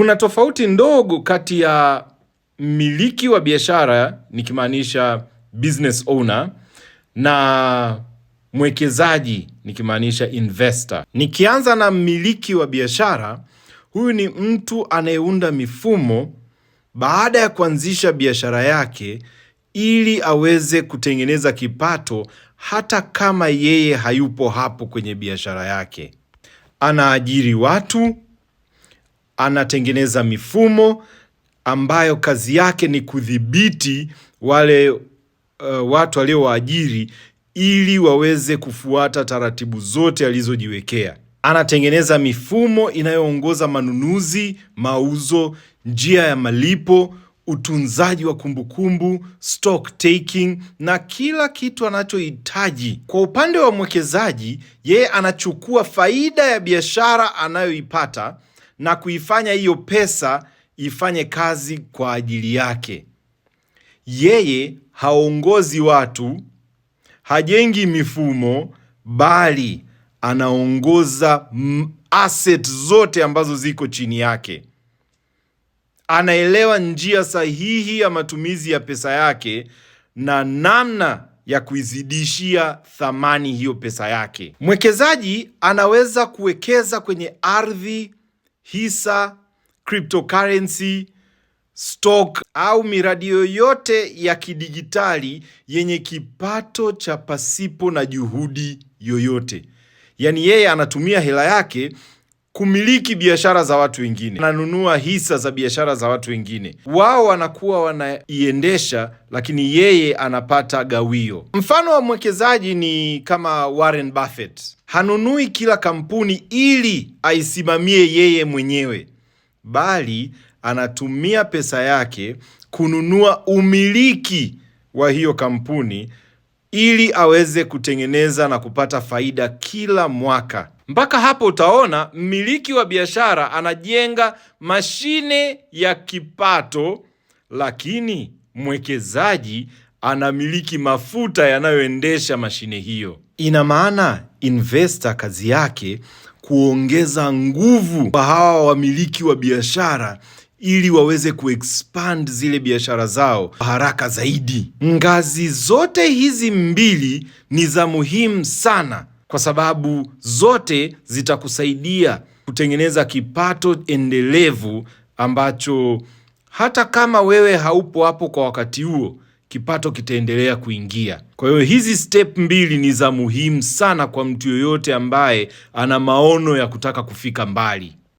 Kuna tofauti ndogo kati ya mmiliki wa biashara nikimaanisha business owner na mwekezaji nikimaanisha investor. Nikianza na mmiliki wa biashara, huyu ni mtu anayeunda mifumo baada ya kuanzisha biashara yake ili aweze kutengeneza kipato hata kama yeye hayupo hapo kwenye biashara yake. Anaajiri watu anatengeneza mifumo ambayo kazi yake ni kudhibiti wale uh, watu waliowaajiri ili waweze kufuata taratibu zote alizojiwekea. Anatengeneza mifumo inayoongoza manunuzi, mauzo, njia ya malipo, utunzaji wa kumbukumbu, stock taking na kila kitu anachohitaji. Kwa upande wa mwekezaji, yeye anachukua faida ya biashara anayoipata na kuifanya hiyo pesa ifanye kazi kwa ajili yake. Yeye haongozi watu, hajengi mifumo, bali anaongoza asset zote ambazo ziko chini yake. Anaelewa njia sahihi ya matumizi ya pesa yake na namna ya kuizidishia thamani hiyo pesa yake. Mwekezaji anaweza kuwekeza kwenye ardhi hisa, cryptocurrency, stock au miradi yoyote ya kidijitali yenye kipato cha pasipo na juhudi yoyote. Yaani yeye anatumia hela yake kumiliki biashara za watu wengine, ananunua hisa za biashara za watu wengine, wao wanakuwa wanaiendesha, lakini yeye anapata gawio. Mfano wa mwekezaji ni kama Warren Buffett, hanunui kila kampuni ili aisimamie yeye mwenyewe, bali anatumia pesa yake kununua umiliki wa hiyo kampuni ili aweze kutengeneza na kupata faida kila mwaka. Mpaka hapo utaona mmiliki wa biashara anajenga mashine ya kipato, lakini mwekezaji anamiliki mafuta yanayoendesha mashine hiyo. Ina maana investor kazi yake kuongeza nguvu kwa hawa wamiliki wa biashara ili waweze kuexpand zile biashara zao haraka zaidi. Ngazi zote hizi mbili ni za muhimu sana, kwa sababu zote zitakusaidia kutengeneza kipato endelevu ambacho hata kama wewe haupo hapo kwa wakati huo kipato kitaendelea kuingia. Kwa hiyo hizi step mbili ni za muhimu sana kwa mtu yoyote ambaye ana maono ya kutaka kufika mbali.